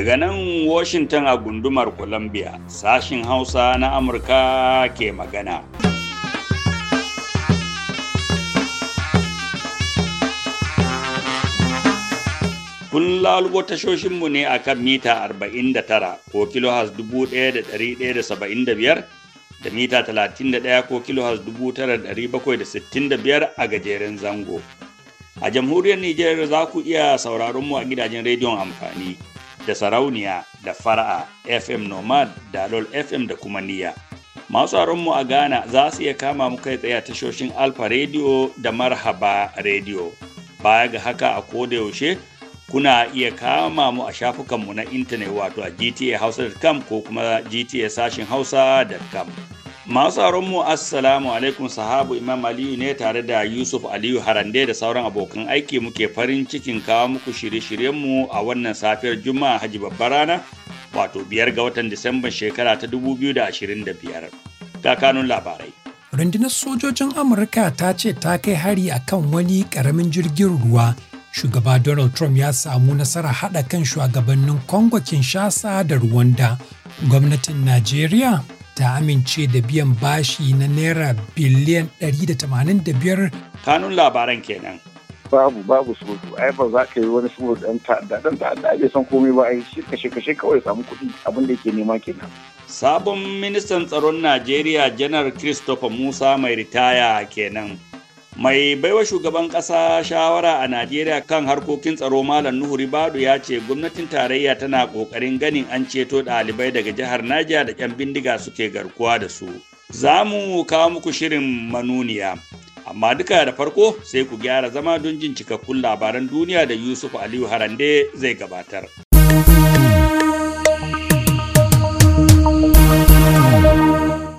Daga nan Washington a gundumar Columbia, sashin Hausa na Amurka ke magana. Kun lalubo tashoshinmu ne a kan mita 49 ko kilohas 1,175 da mita 31 ko kilohas 9,765 a gajeren zango. A jamhuriyar Nijar za ku iya sauraron mu a gidajen rediyon amfani. da sarauniya da fara'a fm nomad da lol fm da kuma niya masu mu a ghana za su iya kama mu kai tsaye a tashoshin alfa radio da marhaba radio baya ga haka a da yaushe kuna iya kama mu a shafukanmu na intanet wato a gta gtahausa.com ko kuma gta sashin hausa.com masu mu assalamu alaikum sahabu imam aliyu ne tare da yusuf aliyu harande da sauran abokan aiki muke farin cikin kawo muku shirye-shiryenmu a wannan safiyar juma'a haji babbar rana wato biyar ga watan disamban shekara ta 2025 ga kanun labarai rundunar sojojin amurka ta ce ta kai hari a kan wani karamin jirgin ruwa shugaba donald trump ya samu nasara haɗa kan shugabannin kongo kinshasa da rwanda gwamnatin najeriya ta amince da biyan bashi na naira biliyan 185 kanun labaran kenan babu babu soju ai ba za ka yi wani saboda dan da dan ta'adda bai san komai ba ai shi kashe kashe kawai samu kuɗi abin da yake nema kenan sabon ministan tsaron Najeriya janar Christopher Musa mai ritaya kenan Mai baiwa shugaban ƙasa shawara a Najeriya kan harkokin tsaro Malam Nuhu Ribadu ya ce gwamnatin tarayya tana ƙoƙarin ganin an ceto ɗalibai daga jihar Najeriya da 'yan bindiga suke garkuwa da su. Za mu kawo muku shirin manuniya. Amma duka da farko sai ku gyara zama don jin cikakkun labaran duniya da Yusuf Aliyu Harande zai gabatar.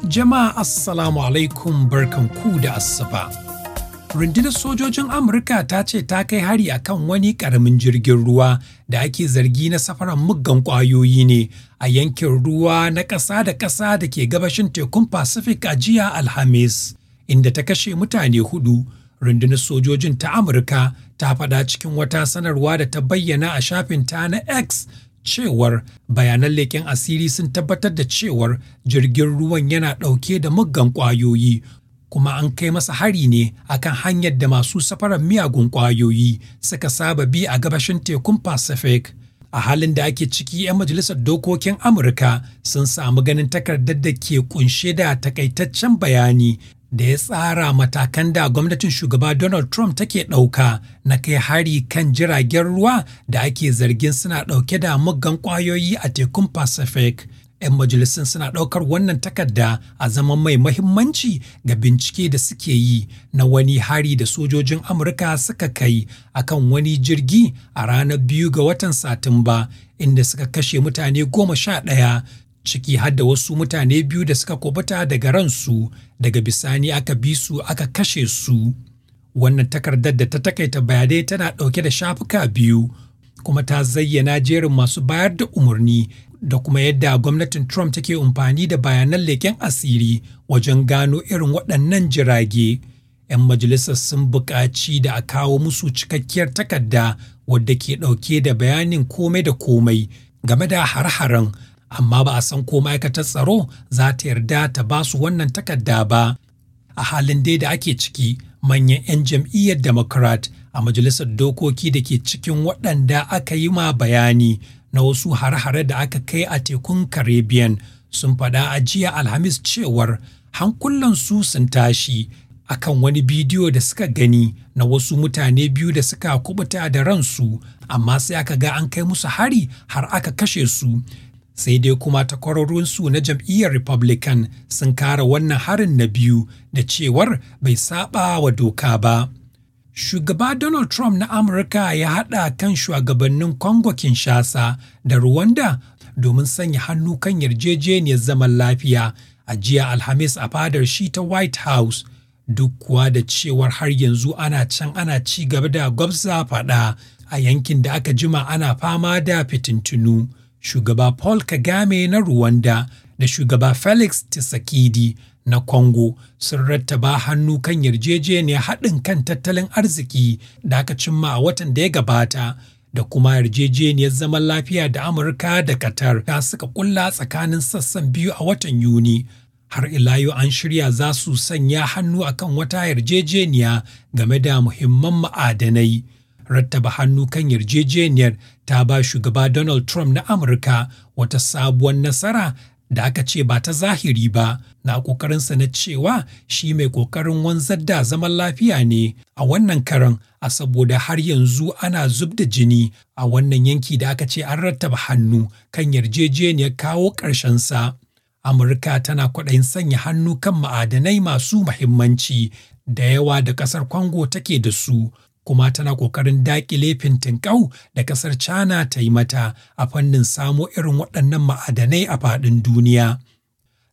Jama'a Assalamu alaikum barkan ku da assafa. rundunar sojojin amurka ta ce ta kai hari akan wani ƙaramin jirgin ruwa da ake zargi na safaran muggan ƙwayoyi ne a yankin ruwa na ƙasa da ƙasa da ke gabashin tekun pacific a jiya alhamis inda ta kashe mutane hudu rundunar sojojin ta amurka ta faɗa cikin wata sanarwa da ta bayyana a shafin ta na x cewar bayanan leƙen asiri sun tabbatar da cewar jirgin ruwan yana ɗauke da muggan ƙwayoyi kuma an kai masa hari ne akan hanyar da masu safarar miyagun ƙwayoyi suka saba bi a gabashin tekun Pacific. A halin da ake ciki 'yan majalisar dokokin Amurka sun samu ganin takardar da ke kunshe da takaitaccen bayani da ya tsara matakan da gwamnatin shugaba Donald Trump take ɗauka na kai hari kan jiragen ruwa da ake zargin suna ɗauke da muggan ƙwayoyi a tekun Pacific. 'yan majalisun suna ɗaukar wannan takarda a zaman mai mahimmanci ga bincike da suke yi na wani hari da sojojin amurka suka kai akan wani jirgi a ranar biyu ga watan satumba inda suka kashe mutane goma sha ɗaya ciki har da wasu mutane biyu da suka kubuta daga ransu daga bisani aka bi su aka kashe su wannan takardar da ta takaita bayanai tana ɗauke da shafuka biyu kuma ta zayyana jerin masu bayar da umarni da kuma yadda gwamnatin Trump take amfani da bayanan leken asiri wajen gano irin waɗannan jirage. 'Yan majalisar sun buƙaci da a kawo musu cikakkiyar takarda wadda ke ɗauke da bayanin komai da komai game da har-haren, amma ba a san ko ma'aikatar tsaro za ta yarda ta ba su wannan takarda ba. A halin dai da ake ciki, manyan 'yan jam'iyyar Democrat a majalisar dokoki da ke cikin waɗanda aka yi ma bayani na wasu hare-hare da aka kai a tekun caribbean sun faɗa a jiya alhamis cewar hankulansu sun tashi akan wani bidiyo da suka gani na wasu mutane biyu da suka kubuta da ransu amma sai aka ga an kai musu hari har aka kashe su sai dai kuma ta takwarorinsu na jam'iyyar republican sun kara wannan harin na biyu da cewar bai saba wa doka ba Shugaba Donald Trump na Amurka ya haɗa kan shugabannin Congo Kinshasa da Rwanda domin sanya hannu kan yarjejeniyar zaman lafiya a jiya Alhamis a fadar shi ta White House. Duk kuwa da cewar har yanzu ana can ana ci gaba da gwabza faɗa a yankin da aka jima ana fama da fitintunu. Shugaba Paul Kagame na Rwanda da shugaba Felix tisakidi na Congo sun rattaba hannu kan yarjejeniyar haɗin kan tattalin arziki da aka cimma a watan da ya gabata da kuma yarjejeniyar zaman lafiya da Amurka da Qatar ta suka kulla tsakanin sassan biyu a watan Yuni. Har Ilayu an shirya za su sanya hannu akan wata yarjejeniya game da muhimman ma'adanai. rattaba hannu kan yarjejeniyar ta ba shugaba Donald Trump na Amurka wata sabuwar nasara da aka ce ba ta zahiri ba na ƙoƙarinsa na cewa shi mai ƙoƙarin wanzar da zaman lafiya ne a wannan karan a saboda har yanzu ana zub da jini a wannan yanki da aka ce an rattaba hannu kan yarjejeniyar kawo ƙarshen sa. Amurka tana kwaɗayin sanya hannu kan ma'adanai masu muhimmanci da yawa da ƙasar Congo take da su kuma tana ƙoƙarin daƙile fintinkau da ƙasar China ta yi mata a fannin samo irin waɗannan ma'adanai a faɗin duniya.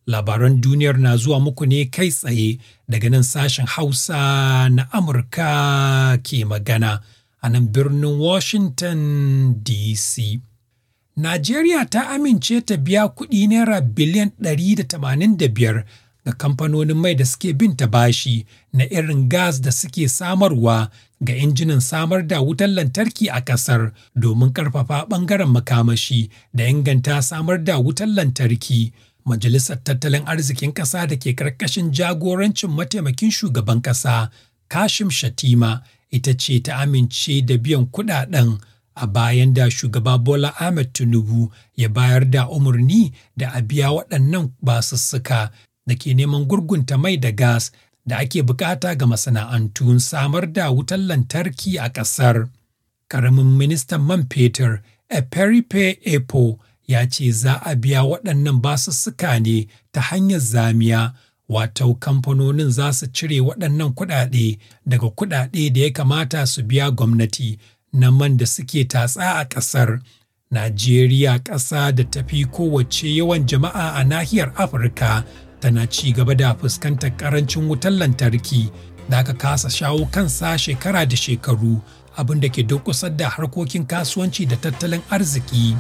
Labaran duniyar na zuwa muku ne kai tsaye daga nan sashen Hausa na Amurka ke magana a nan birnin Washington DC. Najeriya ta amince ta biya kuɗi naira biliyan ɗari da da tamanin biyar ga kamfanonin mai da suke bin ta bashi na irin gas da suke samarwa ga injinan samar da wutar lantarki a ƙasar domin ƙarfafa ɓangaren makamashi da inganta samar da wutar lantarki. Majalisar Tattalin Arzikin Ƙasa da ke ƙarƙashin jagorancin mataimakin shugaban ƙasa Kashim Shatima ita ce ta amince da biyan kuɗaɗen a bayan da shugaba Bola Ahmed Tinubu ya bayar da umarni da a biya waɗannan basussuka da ke neman gurgunta mai da gas da ake bukata ga masana'antun samar da wutar lantarki a ƙasar. Karamin ministan man fetur Eperipe Epo ya ce za a biya waɗannan basussuka ne ta hanyar zamiya, wato kamfanonin za su cire waɗannan kuɗaɗe daga kuɗaɗe da ya kamata su biya gwamnati na man da suke tatsa a ƙasar. Najeriya ƙasa da tafi kowace yawan jama'a a nahiyar Afirka tana ci gaba da fuskantar karancin wutar lantarki da aka kasa shawo kansa shekara da shekaru abin da ke kusa da harkokin kasuwanci da tattalin arziki.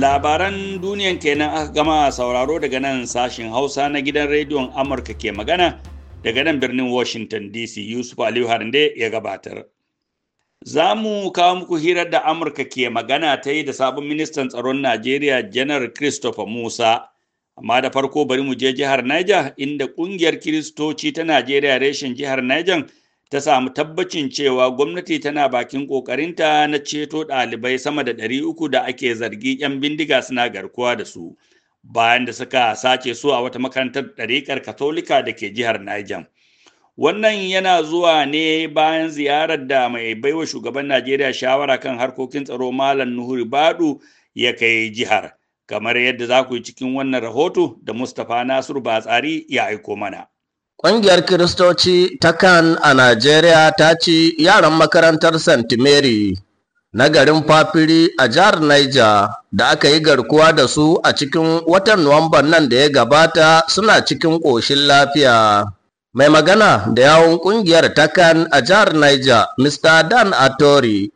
Labaran duniyan kenan aka gama sauraro daga nan sashen Hausa na gidan rediyon Amurka ke magana daga nan birnin Washington DC Yusuf Aliyu Harande ya gabatar. Za mu kawo muku hirar da Amurka ke magana ta yi da sabon ministan tsaron Najeriya Janar Christopher Musa. Amma da farko bari mu je jihar Niger inda kungiyar Kiristoci ta Najeriya reshen jihar Niger ta samu tabbacin cewa gwamnati tana bakin kokarinta na ceto ɗalibai sama da ɗari uku da ake zargi 'yan bindiga suna garkuwa da su bayan da suka sace su a wata makarantar ɗariƙar katolika da ke jihar Niger. wannan yana zuwa ne bayan ziyarar da mai baiwa shugaban najeriya shawara kan harkokin tsaro malam nuhuri badu ya kai jihar kamar yadda za ku yi cikin wannan rahoto da mustapha Nasiru batsari ya aiko mana Ƙungiyar Kiristoci ta kan a Najeriya ta ci yaran makarantar St. Mary na garin Fafiri a jihar Niger da aka yi garkuwa da su a cikin watan Nuwamban nan da ya gabata suna cikin ƙoshin lafiya. Mai magana da yawon kungiyar takan a jihar Niger, Mr. Dan Atori,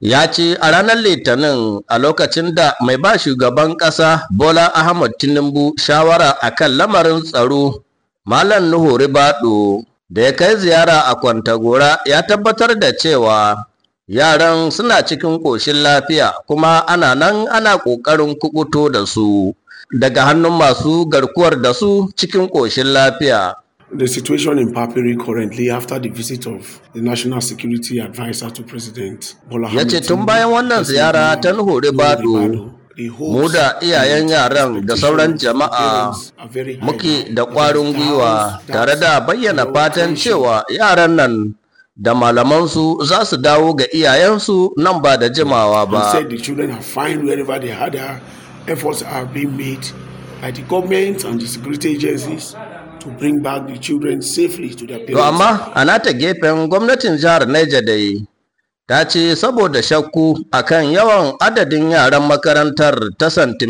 ya ce a ranar Litinin a lokacin da mai ba shugaban ƙasa Bola Ahmad Tinubu shawara a kan lamarin tsaro, Malam Nuhu ribaɗo da ya kai ziyara a Kwantagora ya tabbatar da cewa yaran suna cikin ƙoshin lafiya kuma ana nan ana ƙoƙarin kubuto da su daga hannun masu garkuwar da su cikin ƙoshin lafiya. The situation in Papiri currently after the visit of the National Security Advisor to President Bola Ya ce tun bayan wannan ziyara ta Nuhu Bado, mu da iyayen yaran da sauran jama'a muke da ƙwarin gwiwa tare da bayyana fatan cewa yaran nan da malamansu za su dawo ga iyayensu nan ba da jimawa ba. by the government and the security agencies to bring back the children safely to their parents. To amma a nata gefen gwamnatin jihar Niger da yi ta ce saboda shakku akan yawan adadin yaran makarantar ta St.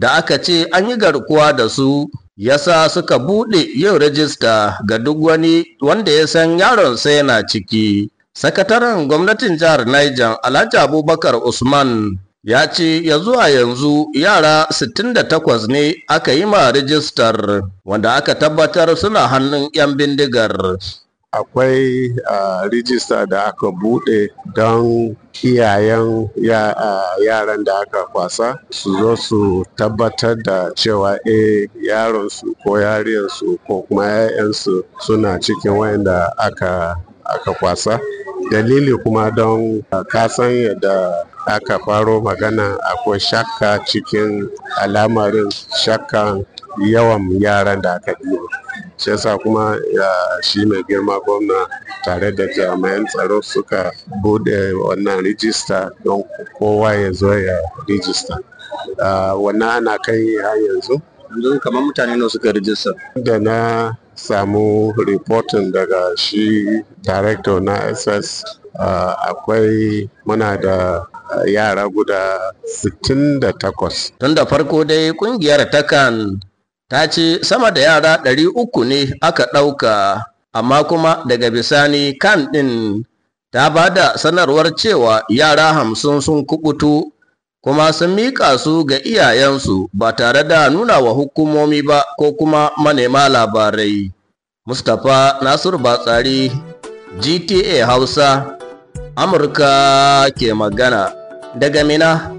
da aka ce an yi garkuwa da su yasa suka buɗe yin rajista ga duk wani wanda ya san yaron sai yana ciki. Sakataren gwamnatin jihar Niger Alhaji Abubakar Usman ya ce ya zuwa yanzu yara 68 ne aka yi ma rijistar wanda aka tabbatar suna hannun 'yan bindigar akwai uh, rijista da aka buɗe don iyayen ya, yaran da aka kwasa su zo su tabbatar da cewa e yaronsu ko yariyarsu ko kuma 'ya'yansu suna cikin wayanda aka, aka kwasa dalili kuma don uh, kasan yadda aka faro magana akwai shakka cikin alamarin shakkan yawan yaran da aka ɗiba shi yasa kuma shi mai girma gwamna tare da jami'an tsaro suka bude wannan rijista don kowa ya zo ya rijista wannan ana kai har yanzu yanzu kamar mutane ne suka rijista da na samu reporting daga shi director na ss akwai muna da yara guda 68 tun da farko dai kungiyar takan ta ce sama da yara 300 ne aka ɗauka amma kuma daga bisani kan ɗin ta ba da sanarwar cewa yara hamsin sun kubutu kuma sun miƙa su ga iyayensu ba tare da nuna wa hukumomi ba ko kuma manema labarai. Mustapha Nasiru Batsari GTA Hausa Amurka ke magana. daga Mina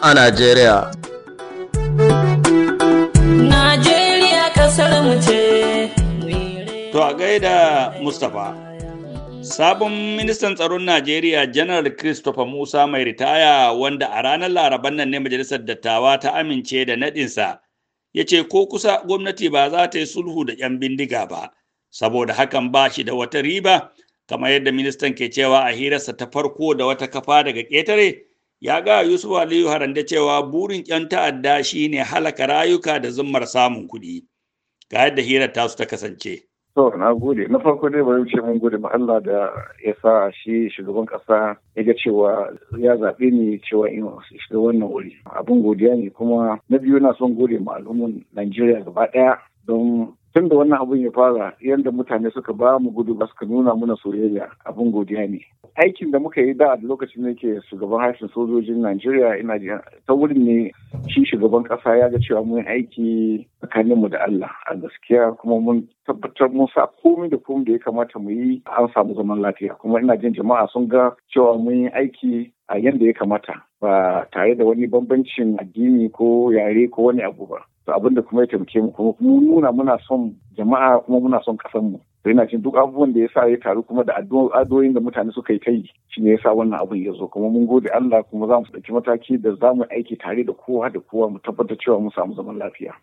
a Najeriya. To a gaida Mustapha. Sabon ministan tsaron Najeriya Janar Christopher Musa mai ritaya wanda a ranar laraban nan ne majalisar dattawa ta amince da nadinsa ya ce ko kusa gwamnati ba za ta yi sulhu da 'yan bindiga ba, saboda hakan ba shi da wata riba kamar yadda ministan ke cewa a hirarsa ta farko da wata kafa daga ƙetare ya ga Yusuf Aliyu Harande cewa burin ƴan ta'adda shine halaka rayuka da zummar samun kuɗi. Ga yadda hirar su ta kasance. To, na gode. Na farko dai bari ce mun gode Allah da ya sa shi shugaban kasa ya ga cewa ya zaɓe ni cewa in shiga wannan wuri. Abin godiya ne kuma na biyu na son gode ma al'ummar Najeriya gaba ɗaya don tun da wannan abun ya fara yadda mutane suka ba mu gudu ba suka nuna muna soyayya abun godiya ne aikin da muka yi da a lokacin da yake shugaban harshen sojojin najeriya ina ji ta wurin ne shi shugaban kasa ya ga cewa mun aiki tsakanin mu da allah a gaskiya kuma mun tabbatar mun sa komai da komai da ya kamata mu yi an samu zaman lafiya kuma ina jin jama'a sun ga cewa mun yi aiki a yadda ya kamata ba tare da wani bambancin addini ko yare ko wani abu ba abin abinda kuma ya taimake mu kuma mu nuna muna son jama'a kuma muna son kasan mu to yana cin duk abubuwan da ya sa ya taru kuma da addu'o'in da mutane suka yi kai yi shi ne ya sa wannan abin ya zo kuma mun gode Allah kuma za mu ɗauki mataki da za mu aiki tare da kowa da kowa mu tabbatar cewa mun samu zaman lafiya.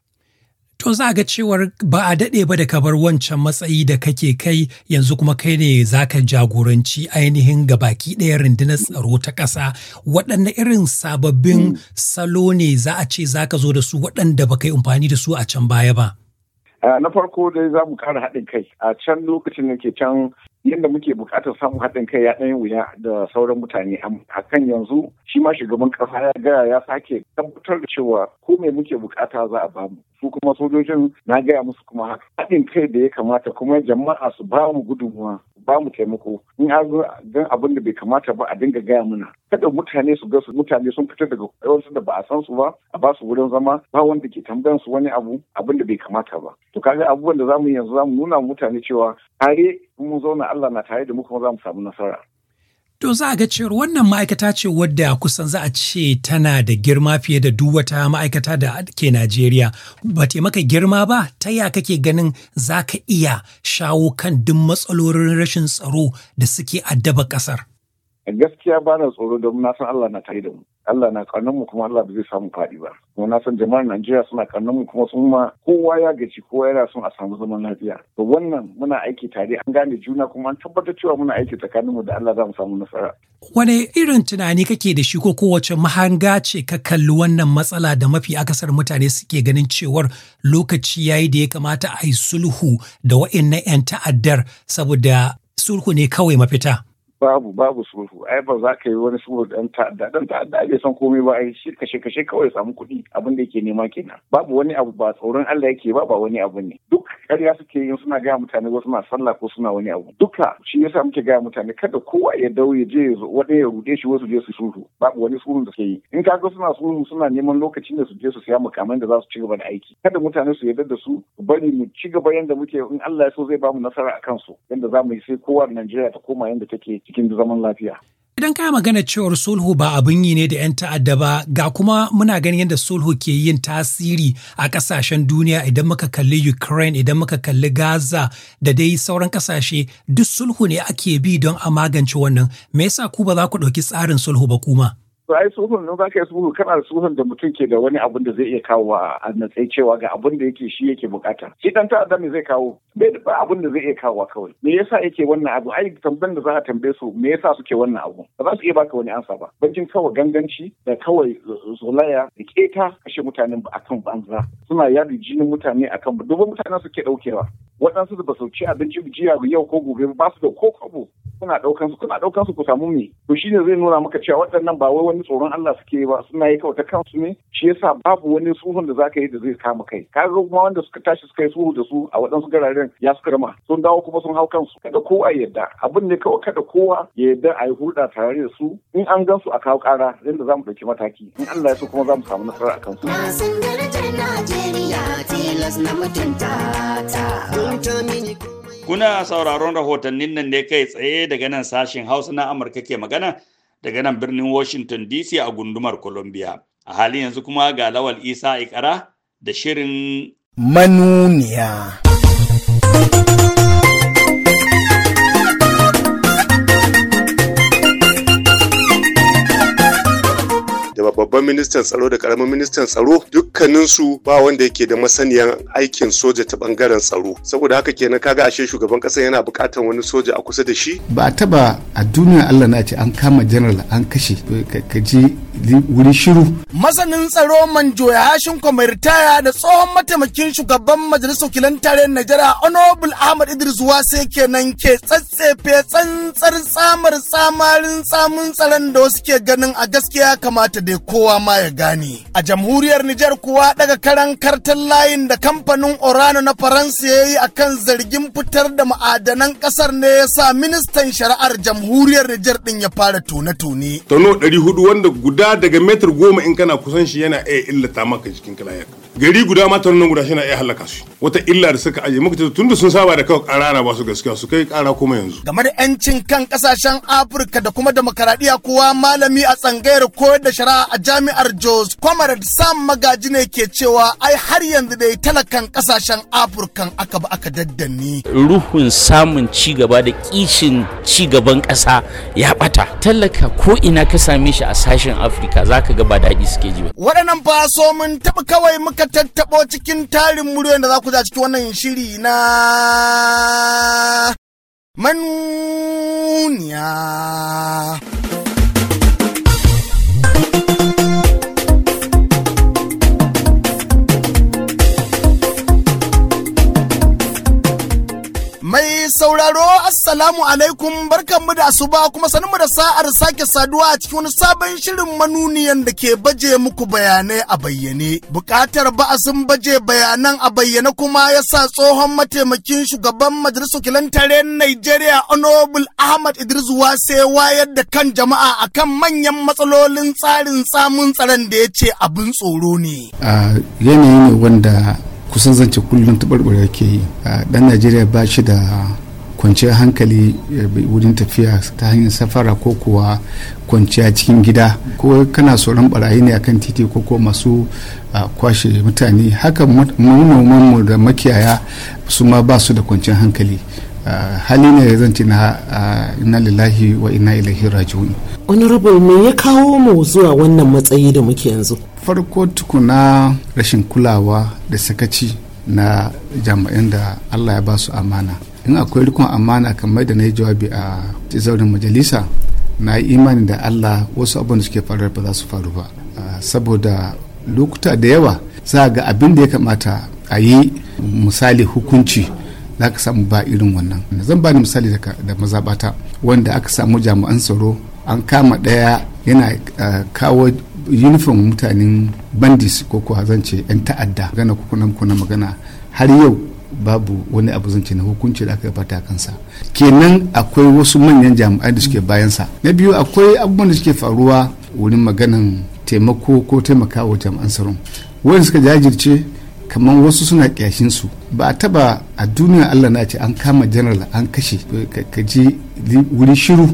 to za ga cewar ba a daɗe ba da ka bar wancan matsayi da kake kai yanzu kuma kai ne za ka jagoranci ainihin ga baki ɗaya rundunar tsaro ta ƙasa waɗanne irin sababbin mm. salo ne za a ce za ka zo da su waɗanda ba kai amfani da su a can baya ba. Eh, na farko dai za mu kara haɗin kai a can lokacin da ke can yadda muke bukatar samun haɗin kai ya ɗan wuya da sauran mutane a kan yanzu shi ma shugaban ƙasa ya gaya ya sake tabbatar da cewa ko me muke bukata za a bamu su kuma sojojin na gaya musu kuma haɗin kai da ya kamata kuma jama'a su bamu mu gudunmuwa bamu taimako in an gan abin da bai kamata ba a dinga gaya mana kada mutane su ga su mutane sun fita daga wasu da ba a san su ba a ba su wurin zama ba wanda ke tambayan su wani abu abin da bai kamata ba to kaga abubuwan da zamu yanzu zamu nuna mutane cewa tare mun zauna Allah na tare da mu kuma zamu samu nasara To za a ga cewar wannan ma'aikata ce wadda kusan za a ce tana da girma fiye da duk wata ma'aikata da ke Najeriya. Ba te maka girma ba ta ya kake ganin za ka iya shawo kan duk matsalolin rashin tsaro da suke addaba ƙasar. gaskiya ba na tsoro don na san Allah na tare da mu Allah na karnan mu kuma Allah ba zai samu faɗi ba kuma na san jama'ar Najeriya suna karnan mu kuma sun ma kowa ya gaci kowa yana son a samu zaman lafiya to wannan muna aiki tare an gane juna kuma an tabbatar cewa muna aiki tsakanin mu da Allah za mu samu nasara wane irin tunani kake da shi ko kowace mahanga ce ka kalli wannan matsala da mafi akasar mutane suke ganin cewar lokaci yayi da ya kamata a yi sulhu da wa'annan 'yan ta'addar saboda sulhu ne kawai mafita babu babu sulhu ai ba za ka yi wani sulhu dan ta'adda dan ta'adda bai san komai ba ai shi kashe kashe kawai samu kuɗi abin da yake nema kenan babu wani abu ba tsoron Allah yake ba ba wani abu ne duk ƙarya suke yin suna gaya mutane wasu na sallah ko suna wani abu duka shi yasa muke gaya mutane kada kowa ya dau ya je wani ya rude shi wasu je su sulhu babu wani sulhu da suke yi in ka ga suna sulhu suna neman lokacin da su je su siya mukamai da za su ci gaba da aiki kada mutane su yarda da su bari mu ci gaba yanda muke in Allah ya so zai bamu mu nasara akan su yanda za mu yi sai kowa Najeriya ta koma yanda take cikin zaman lafiya. Idan ka magana cewar sulhu ba abin yi ne da 'yan ta'adda ba ga kuma muna ganin yadda sulhu ke yin tasiri a kasashen duniya idan muka kalli Ukraine idan muka kalli Gaza da dai sauran kasashe duk sulhu ne ake bi don a magance wannan me yasa ku ba za ku ɗauki tsarin sulhu ba kuma? to ai sulhun nan zaka yi sulhu kana da sulhun da mutum ke da wani abun da zai iya kawo a natsai cewa ga abun da yake shi yake bukata shi dan ta'adda ne zai kawo bai da ba abun da zai iya kawo kawai me yasa yake wannan abu ai tambayar da za a tambaye su me yasa suke wannan abu ba za su iya baka wani ansa ba bankin kawai ganganci da kawai zolaya da keta kashe mutanen akan banza suna yadi jinin mutane akan ba dubban mutanen suke daukewa waɗansu da ba su ci abinci jiya yau ko gobe ba su da ko kwabo kuna ɗaukan su kuna ku samu me to shine zai nuna maka cewa waɗannan ba wai wani tsoron Allah suke ba suna yi kawai ta kansu ne shi yasa babu wani suhun da zaka yi da zai kama kai ga kuma wanda suka tashi suka yi suhu da su a waɗansu gararen ya suka rama sun dawo kuma sun hau kansu kada kowa ya yarda abin ne kawai kada kowa ya yarda a yi hulɗa tare da su in an gan su a kawo ƙara yadda da zamu ɗauki mataki in Allah ya so kuma za samu nasara a kansu. Kuna sauraron rahotannin nan ne kai tsaye daga nan sashen Hausa na Amurka ke magana daga nan birnin Washington DC a gundumar Columbia. A halin yanzu kuma ga Lawal Isa Ikara da shirin manuniya. babban ministan tsaro da karamin ministan tsaro dukkanin su ba wanda yake da masaniyan aikin soja ta bangaren tsaro saboda haka kenan kaga ashe shugaban kasa yana bukatar wani soja a kusa da shi ba taba a duniya Allah na ce an kama general an kashe ka ji wuri shiru masanin tsaro manjo ya hashin kwamaritaya da tsohon mataimakin shugaban majalisar wakilan tarayyar Najeriya honorable Ahmad Idris Wase kenan ke tsatsefe tsantsar samar samarin tsamun tsaron da wasu ke ganin a gaskiya kamata dai kowa ma ya gane. A jamhuriyar Nijar kuwa daga karan kartan layin da kamfanin Orano na Faransa ya yi akan zargin fitar da ma'adanan kasar ne ya sa ministan shari'ar jamhuriyar Nijar din ya fara tone-tone. Tano 400 wanda guda daga metir goma in kana kusan shi yana iya illata maka jikin kalayar. Gari guda ma tano guda shi yana iya halaka su. Wata illa da suka aje muka tun da sun saba da kawai ƙara ba su gaskiya su kai ƙara kuma yanzu. Game da 'yancin kan ƙasashen Afirka da kuma demokaradiyya kuwa malami a tsangayar koyar da shari'a a jami'ar Jos Comrade Sam Magaji ne ke cewa ai har yanzu dai talakan kasashen Afirkan aka ba aka daddanni. Ruhun samun ci da kishin cigaban kasa ya bata. Talaka ko ina ka same shi a sashen Afirka zaka ga ba daɗi suke ji ba. Waɗannan ba so mun taɓa kawai muka tattaɓo cikin tarin muryoyin da za ku za cikin wannan shiri na manuniya. Mai sauraro Assalamu alaikum barkanmu da asuba kuma sanin da sa'ar sake saduwa a cikin wani sabon shirin manuniyan da ke baje muku bayanai a bayyane. Bukatar ba'asin baje bayanan a bayyane kuma ya sa tsohon mataimakin shugaban majalisar kilantare tare Nigeria Honorable Ahmad Idris Wase wayar da kan jama'a akan manyan matsalolin tsarin samun tsaron da ya ce abin tsoro ne. yanayi ne wanda kusan zance kullum taɓarɓar ke yi ɗan najeriya ba shi da kwanciyar hankali eh, wurin tafiya ta hanyar safara ko kuwa kwanciya cikin gida ko kana tsoron barayi ne akan titi ko ko masu kwashe mutane haka mu da makiyaya su ma ba su da kwanciyar hankali hali ne zan zance na ina lillahi wa ina ilahi rajiun honorable me ya kawo mu zuwa wannan matsayi da muke yanzu farko tukuna rashin kulawa da sakaci na jami'an da allah ya ba su amana in akwai rikon amana kamar da na yi jawabi a zaurin majalisa na yi imani da allah wasu abin da suke faruwa ba za su faru ba saboda lokuta da yawa za a ga abin da ya kamata a yi misali hukunci za ka samu ba irin wannan zan ba ni misali da mazaɓata wanda aka samu jami'an tsaro an kama ɗaya yana kawo yunifin mutanen bandis ko kuwa zance 'yan ta'adda magana kukunan kuna magana har yau babu wani abu zance na hukunci da aka gabata kansa kenan akwai wasu manyan jami'ai da suke bayansa na biyu akwai abubuwan da suke faruwa wurin maganan taimako ko taimakawa jami'an tsaron wani suka jajirce kamar wasu suna kyashin su ba a taba a duniya allah na ce an kama general an kashe ka ji wuri shiru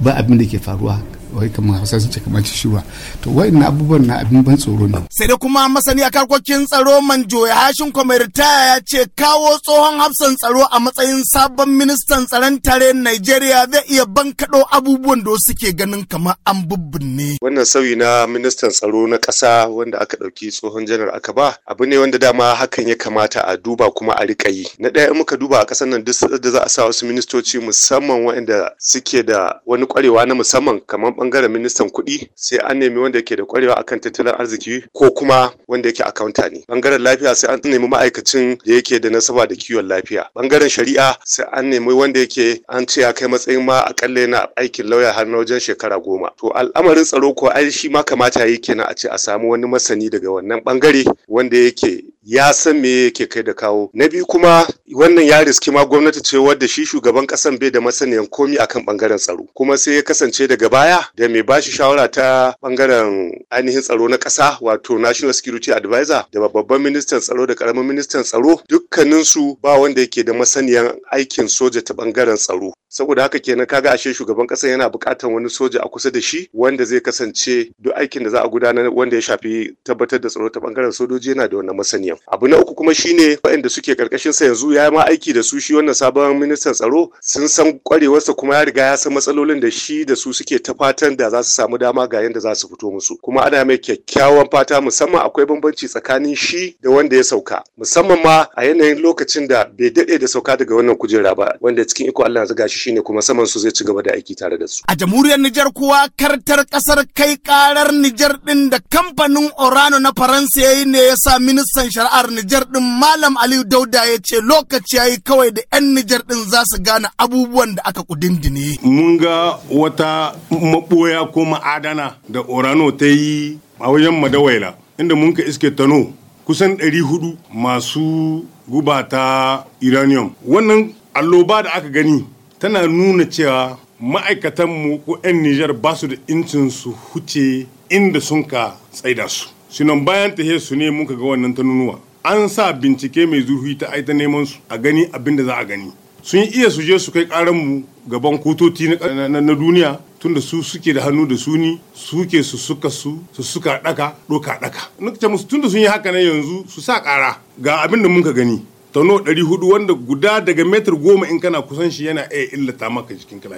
ba abin da ke faruwa wai kamar hausa sun ce kamar shuwa to wa'in abubuwan na abin ban tsoro ne. sai da kuma masani a karkokin tsaro manjo ya hashin kwamitaya ya ce kawo tsohon hafsan tsaro a matsayin sabon ministan tsaron tare nigeria zai iya kaɗo abubuwan da suke ganin kamar an ne. wannan sauyi na ministan tsaro na ƙasa wanda aka ɗauki tsohon janar aka ba abu ne wanda dama hakan ya kamata a duba kuma a riƙa yi na ɗaya in muka duba a ƙasar nan duk da za a sa wasu ministoci musamman waɗanda suke da wani ƙwarewa na musamman kamar bangaren ministan kuɗi sai an nemi wanda yake da kwarewa akan tattalin arziki ko kuma wanda yake akaunta ne bangaren lafiya sai an nemi ma'aikacin da yake da nasaba da kiwon lafiya bangaren shari'a sai an nemi wanda yake an ce ya kai matsayin ma akalla yana aikin lauya har na wajen shekara goma to al'amarin tsaro ko ai shi ma kamata yi na a ce a samu wani masani daga wannan bangare wanda yake ya san me yake kai da kawo na biyu kuma wannan ya riski ma gwamnati ce wadda shi shugaban kasan bai da masaniyan komi akan bangaren tsaro kuma sai ya kasance daga baya da mai bashi shawara ta bangaren ainihin tsaro na kasa wato national security advisor da babban ministan tsaro da karamin ministan tsaro dukkanin su ba wanda yake da masaniyan aikin soja ta bangaren tsaro saboda haka kenan kaga ashe shugaban kasan yana buƙatar wani soja a kusa da shi wanda zai kasance duk aikin da za a gudanar wanda ya shafi tabbatar da tsaro ta bangaren sojoji yana da wannan masaniya abu na uku kuma shine waɗanda suke karkashin sa yanzu ya ma aiki da su shi wannan sabon ministan tsaro sun san kwarewarsa kuma ya riga ya san matsalolin da shi da su suke ta fatan da za su samu dama ga yanda za su fito musu kuma ana mai kyakkyawan fata musamman akwai bambanci tsakanin shi da wanda ya sauka musamman ma a yanayin lokacin da bai daɗe da sauka daga wannan kujera ba wanda cikin iko Allah yanzu gashi shine kuma saman su zai ci gaba da aiki tare da su a jamhuriyar Nijar kuwa kartar kasar kai karar Nijar din da kamfanin Orano na Faransa yayi ne yasa ministan shara shari'ar Nijar ɗin Malam Aliyu Dauda ya ce lokaci yayi kawai da 'yan Nijar ɗin za su gane abubuwan da aka kudindine. Mun ga wata maɓoya ko ma'adana da Orano ta yi a wajen Madawaila inda mun ka iske Tano kusan 400 masu gubata uranium. Wannan alloba da aka gani tana nuna cewa ma'aikatanmu ko 'yan Nijar ba su da incin su huce inda sun ka tsaida su. sinon bayan ta su ne muka ga wannan ta nunuwa an sa bincike mai zurfi ta aita neman su a gani abin da za a gani sun iya su je su kai karan mu gaban kutoti na duniya tunda su suke da hannu da suni suke su suka su su suka daka doka daka nuka musu tunda sun yi haka na yanzu su sa kara ga abin da muka gani tano hudu wanda guda daga metar goma in kana kusan shi yana iya illata maka jikin ka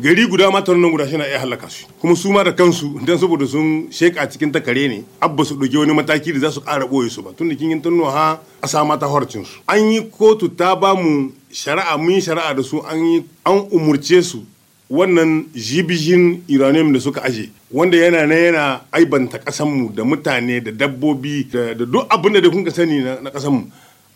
gari guda ma tano guda shi na iya halaka su kuma su ma da kansu dan saboda sun sheka cikin takare ne abba su doge wani mataki da za su ƙara boye su ba tun da kingin tano ha a sa mata horcin su an yi kotu ta ba mu shari'a mun yi shari'a da su an yi an umurce su wannan jibijin iranium da suka aje wanda yana na yana aibanta kasanmu da mutane da dabbobi da duk abin da kun sani na kasanmu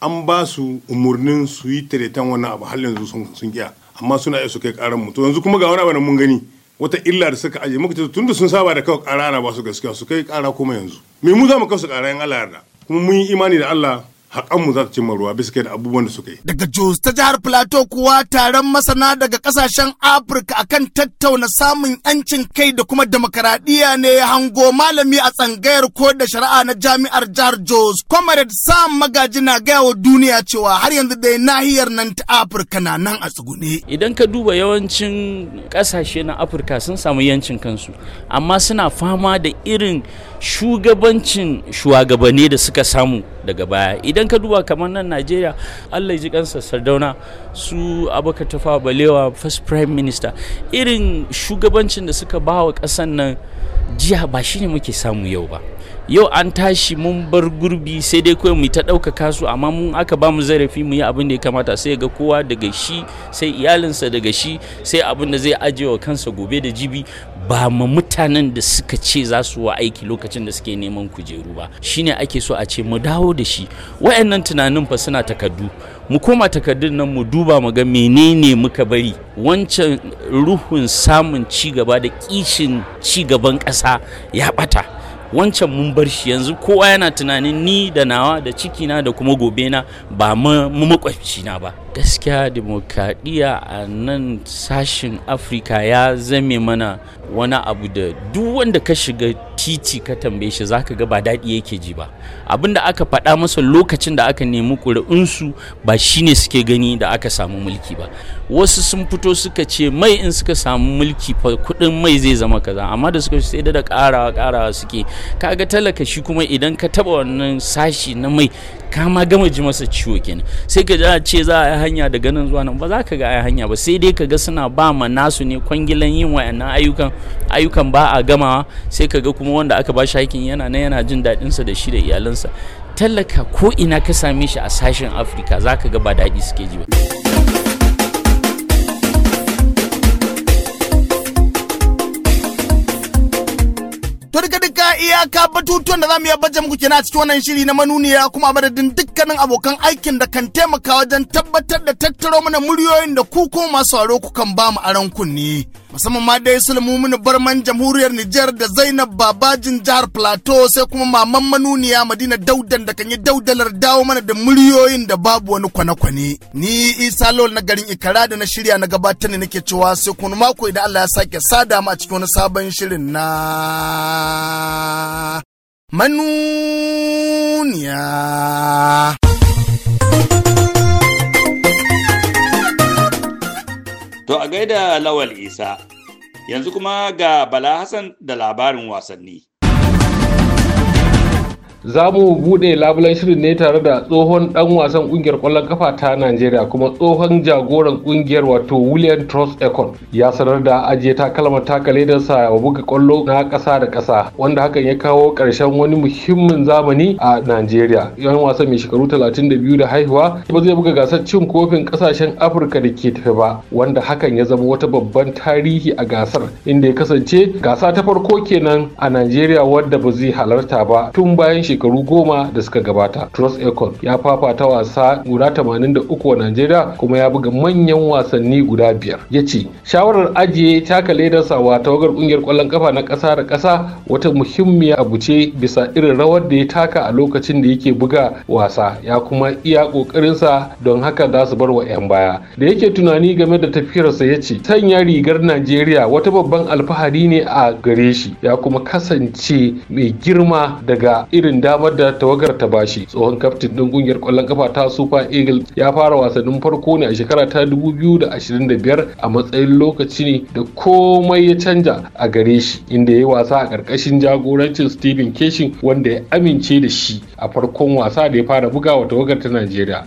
an ba su umarnin su yi tiretan wannan abu har yanzu sun kiya amma suna iya su kai karan mutu yanzu kuma ga wani abu mun gani wata illa da suka aje muka tun da sun saba da kawai kara ana ba su gaskiya su kai kara kuma yanzu me mu za mu kawai su kara yan Allah yarda kuma mun yi imani da Allah haƙanmu za ta cimma ruwa bisa kai da abubuwan da suka yi. Daga Jos ta jihar Plateau kuwa taron masana daga ƙasashen Afirka akan tattauna samun 'yancin kai da kuma demokaradiyya ne ya hango malami a tsangayar ko da shari'a na jami'ar jihar Jos. Comrade Sam Magaji na gaya wa duniya cewa har yanzu dai nahiyar nan ta Afirka na nan a tsugune. Idan ka duba yawancin ƙasashe na Afirka sun samu 'yancin kansu amma suna fama da irin shugabancin shugabanni da suka samu daga baya idan ka duba kamar nan najeriya allah ji kansa sardauna su abuka tafa balewa first prime minister irin shugabancin da suka ba wa kasan nan jiya ba shine muke samu yau ba yau an tashi mun bar gurbi sai dai kawai mu ta ɗaukaka su amma mun aka ba mu zarafi mu yi abin da ya kamata sai ga kowa daga shi sai iyalinsa daga shi sai abin da zai ajiye wa kansa gobe da jibi ba ma mutanen da suka ce za su wa aiki lokacin da suke neman kujeru ba shine ake so a ce mu dawo da shi wayannan tunanin fa suna takardu mu koma takardun nan mu duba mu ga menene muka bari wancan ruhun samun ci gaba da kishin ci gaban ƙasa ya bata wancan mun bar shi yanzu kowa yana tunanin ni da nawa da cikina da kuma gobe na ba mu makwabci na ba gaskiya demokradiyya a nan sashin afirka ya zame mana wani abu da duk wanda ka shiga titi ka tambaye shi zaka ga ba daɗi yake ji ba abin da aka faɗa masa lokacin da aka nemi ƙuri'unsu ba shine suke gani da aka samu mulki ba wasu sun fito suka ce mai in suka samu mulki fa kuɗin mai zai zama kaza amma da suka sai da ƙarawa ƙarawa suke kaga talaka shi kuma idan ka taɓa wannan sashi na mai ka ma gama ji masa ciwo kenan sai ka ja ce za a yi hanya daga nan zuwa nan ba za ka ga a yi hanya ba sai dai ka ga suna ba ma nasu ne kwangilan yin wayannan ayyukan ayyukan ba a gamawa sai ka ga kuma wanda aka ba shi yana nan yana jin daɗinsa da shi da iyalansa tallaka ko ina ka same shi a sashen afirka za ka ga ba daɗi suke ji ba To duka duka iyaka batutuwan da za mu iya baje muku kenan a cikin wannan shiri na manuniya kuma madadin dukkanin abokan aikin da kan taimaka wajen tabbatar da tattaro mana muryoyin da ku kuma masu sauraro ku kan ba mu aron kunne. musamman ma dai sulmumin barman jamhuriyar Nijar da Zainab Babajin jihar Plateau sai kuma maman manuniya Madina Daudan da kan yi daudalar dawo mana da muryoyin da babu wani kwane-kwane. Ni Isa Lol na garin Ikara da na shirya na gabatar ne nake cewa sai kuma mako idan Allah ya sake sada mu a cikin wani sabon shirin na manuniya. a gaida Lawal Isa, yanzu kuma ga Bala Hassan da labarin wasanni. za mu buɗe labulan shirin ne tare da tsohon ɗan wasan ƙungiyar ƙwallon kafa ta najeriya kuma tsohon jagoran ƙungiyar wato william trust econ ya sanar da ajiye takalmar takale da sa wa buga ƙwallo na ƙasa da ƙasa wanda hakan ya kawo ƙarshen wani muhimmin zamani a najeriya yan wasan mai shekaru 32 da haihuwa ba zai buga gasar cin kofin ƙasashen afirka da ke tafi ba wanda hakan ya zama wata babban tarihi a gasar inda ya kasance gasa ta farko kenan a najeriya wadda ba zai halarta ba tun bayan shekaru goma da suka gabata Trust Econ ya fafata wasa guda 83 a Najeriya kuma ya buga manyan wasanni guda biyar ya ce shawarar ajiye taka ledarsa sawa, tawagar kungiyar kwallon kafa na ƙasa da kasa wata muhimmiya abu ce bisa irin rawar da ya taka a lokacin da yake buga wasa ya kuma iya ƙoƙarinsa don haka za su bar wa 'yan baya da yake tunani game da tafiyarsa ya ce sanya rigar najeriya wata babban alfahari ne a gare shi ya kuma kasance mai girma daga irin damar da tawagar ta bashi tsohon kaftin din kungiyar kwallon kafa ta super eagles ya fara wasannin farko ne a shekara ta 2025 a matsayin lokaci ne da komai ya canja a gare shi inda ya yi wasa a karkashin jagorancin stephen keshin wanda ya amince da shi a farkon wasa da ya fara bugawa tawagar ta najeriya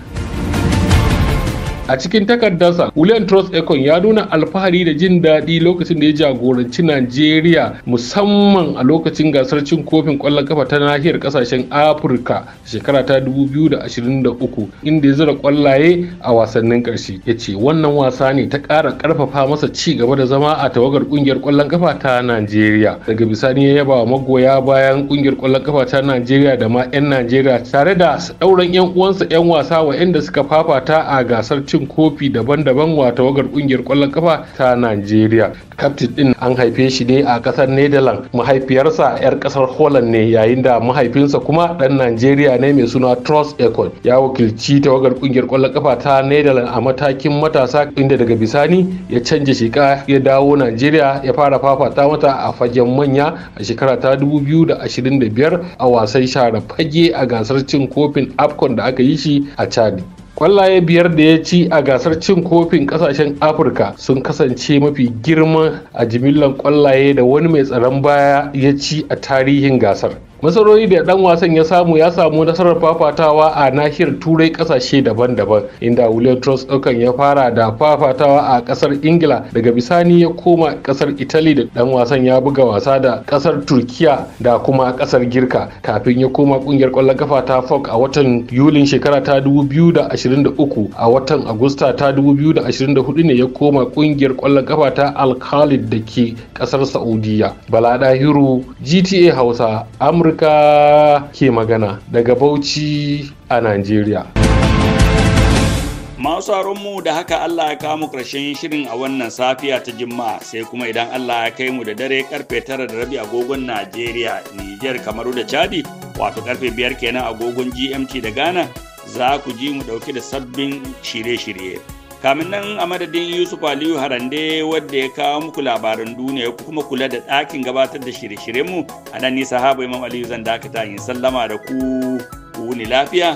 a cikin takardarsa william trust ekon ya nuna alfahari da jin daɗi lokacin da ya jagoranci najeriya musamman a lokacin gasar cin kofin ƙwallon kafa ta nahiyar ƙasashen afirka shekara ta 2023 inda ya zura ƙwallaye a wasannin ƙarshe ya ce wannan wasa ne ta ƙara ƙarfafa masa ci gaba da zama a tawagar ƙungiyar ƙwallon kafa ta najeriya daga bisani ya yaba wa magoya bayan ƙungiyar ƙwallon kafa ta najeriya da ma 'yan najeriya tare da sauran 'yan uwansa 'yan wasa wa suka fafata a gasar cin cin kofi daban-daban wata wagar kungiyar kwallon kafa ta Najeriya. Captain din an haife shi ne a kasar Netherlands. Mahaifiyarsa 'yar kasar Holland ne yayin da mahaifinsa kuma dan Najeriya ne mai suna Trust Ekon. Ya wakilci tawagar kungiyar kwallon kafa ta Netherlands a matakin matasa inda daga bisani ya canja shika ya dawo Najeriya ya fara fafata mata a fagen manya a shekara ta 2025 a wasan share fage a gasar cin kofin AFCON da aka yi shi a Chad. Kwallaye biyar da ya ci a gasar cin kofin kasashen Afirka sun kasance mafi girma a jimillan kwallaye da wani mai tsaron baya ya ci a tarihin gasar. nasarori da dan wasan ya samu ya samu nasarar fafatawa a nahiyar turai kasashe daban-daban inda william trust ɗaukan ya fara da fafatawa a kasar ingila daga bisani ya koma kasar italy da dan wasan ya buga wasa da kasar turkiya da kuma kasar girka kafin ya koma kungiyar kwallon kafa ta fok a watan yulin shekara ta 23 a watan Agusta ta 2024 ne ya koma kungiyar kwallon kafa ta alkhalid da ke kasar Saudiya. Bala Dahiru GTA Hausa Amurka ke magana daga Bauchi a Najeriya. Masu mu da haka Allah ya kamu ƙarshen shirin a wannan safiya ta Juma'a sai kuma idan Allah ya kai mu da dare karfe tara da rabi agogon Najeriya, Nijar, Kamaru da Chadi, wato karfe biyar kenan agogon GMT da Ghana za ku ji mu ɗauki da sabbin shirye-shirye. kamin nan a madadin yusuf aliyu harande wadda ya kawo muku labaran duniya ya kuma kula da ɗakin gabatar da shirye mu a nan ni sahaba imam aliyu zan dakata yin sallama da ku ku ni lafiya